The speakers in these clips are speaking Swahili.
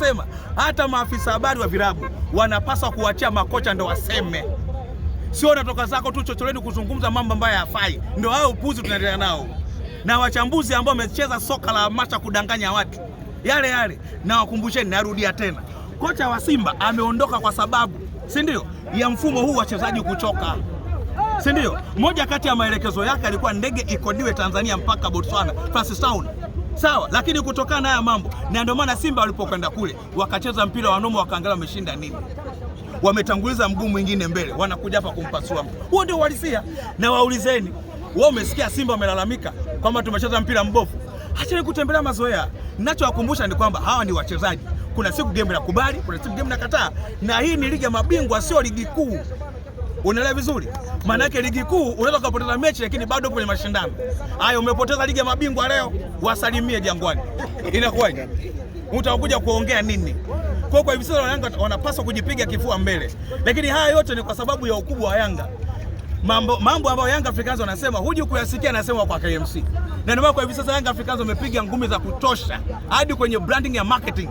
wanasema hata maafisa habari wa virabu wanapaswa kuwachia makocha ndo waseme, sio natoka zako tu chochoreni kuzungumza mambo ambayo hayafai. Ndo hao upuzi tunaendelea nao, na wachambuzi ambao wamecheza soka la masha kudanganya watu yale yale. Na wakumbusheni, narudia tena, kocha wa Simba ameondoka kwa sababu, si ndio, ya mfumo huu wachezaji kuchoka si ndio? Moja kati ya maelekezo yake alikuwa ndege ikodiwe Tanzania mpaka Botswana, Francistown sawa, lakini kutokana na haya mambo, na ndio maana Simba walipokwenda kule wakacheza mpira wa nomo, wakaangalia wameshinda nini, wametanguliza mguu mwingine mbele, wanakuja hapa kumpasua mtu. Huo ndio uhalisia, na waulizeni wao. Umesikia Simba wamelalamika kwamba tumecheza mpira mbovu? Acheni kutembelea mazoea. Ninachowakumbusha ni kwamba hawa ni wachezaji, kuna siku game nakubali, kuna siku game nakataa, na hii ni ligi ya mabingwa, sio ligi kuu. Unaelewa vizuri? Maana yake ligi kuu unaweza kupoteza mechi lakini bado kwenye mashindano. Haya umepoteza ligi ya mabingwa leo, wasalimie Jangwani. Inakuwaje? Utakuja kuongea nini? Kwa kwa hivi sasa Yanga wanapaswa kujipiga kifua mbele. Lakini haya yote ni kwa sababu ya ukubwa wa Yanga. Mambo mambo ambayo Yanga Africans wanasema huji kuyasikia anasema kwa KMC. Na ndio kwa hivi sasa Yanga Africans wamepiga ngumi za kutosha hadi kwenye branding ya marketing.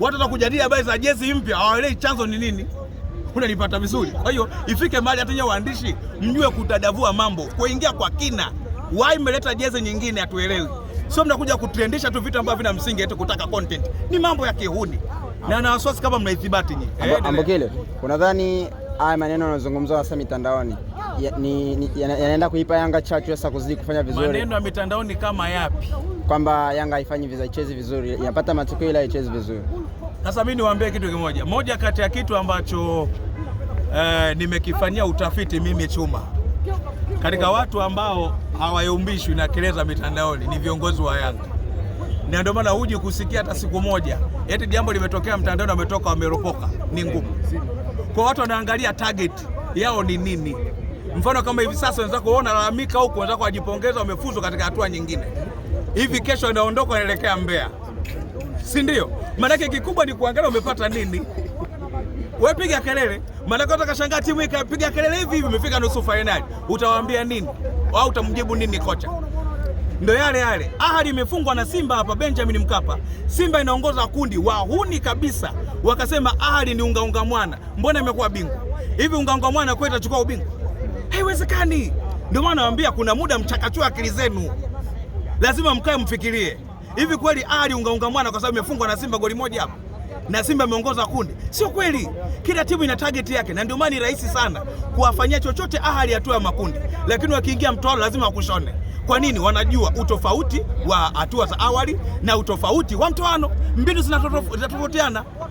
Watu watakujadili habari za jezi mpya, hawaelewi chanzo ni nini unanipata vizuri? Kwa hiyo ifike mahali hata nyewe waandishi mjue kutadavua mambo, kuingia kwa kina. Why mmeleta jezi nyingine hatuelewi? Sio mnakuja kutrendisha tu vitu ambavyo vina msingi eti kutaka content, ni mambo ya kihuni na na wasiwasi kama mnaithibati nyi. Ambokile, unadhani haya maneno yanazungumzwa hasa mitandaoni yanaenda kuipa Yanga chachu sasa kuzidi kufanya vizuri? Maneno ya mitandaoni kama yapi? Kwamba Yanga haifanyi vizuri, ichezi vizuri, inapata matokeo ila haichezi vizuri sasa mimi niwaambie kitu kimoja, moja kati ya kitu ambacho eh, nimekifanyia utafiti mimi Chuma, katika watu ambao hawayumbishwi na kelele za mitandaoni ni viongozi wa Yanga, na ndio maana huji kusikia hata siku moja eti jambo limetokea mtandaoni, wametoka wameropoka, ni ngumu kwa watu. Wanaangalia target yao ni nini. Mfano kama hivi sasa wenzako wao wanalalamika huko, wenzako wajipongeza, wamefuzu katika hatua nyingine, hivi kesho inaondoka, inaelekea Mbeya si ndio? Maanake kikubwa ni kuangalia umepata nini. Wewe piga kelele, maanake utakashangaa timu ikapiga kelele hivi hivi, imefika nusu fainali, utawaambia nini au utamjibu nini kocha? Ndo yale yale, ahadi imefungwa na Simba hapa Benjamin Mkapa. Simba inaongoza kundi, wahuni kabisa, wakasema ahadi ni ungaunga mwana, mbona imekuwa bingwa hivi? Ungaunga mwana kwa itachukua ubingwa? Haiwezekani. Ndio maana nawaambia kuna muda mchakachua akili zenu, lazima mkae mfikirie. Hivi kweli Ali ungaunga mwana kwa sababu imefungwa na Simba goli moja hapo na Simba ameongoza kundi? Sio kweli. Kila timu ina target yake, na ndio maana ni rahisi sana kuwafanyia chochote Ahali hatua ya makundi, lakini wakiingia mtoano lazima wakushone. Kwa nini? Wanajua utofauti wa hatua za awali na utofauti wa mtoano, mbinu zinatofautiana.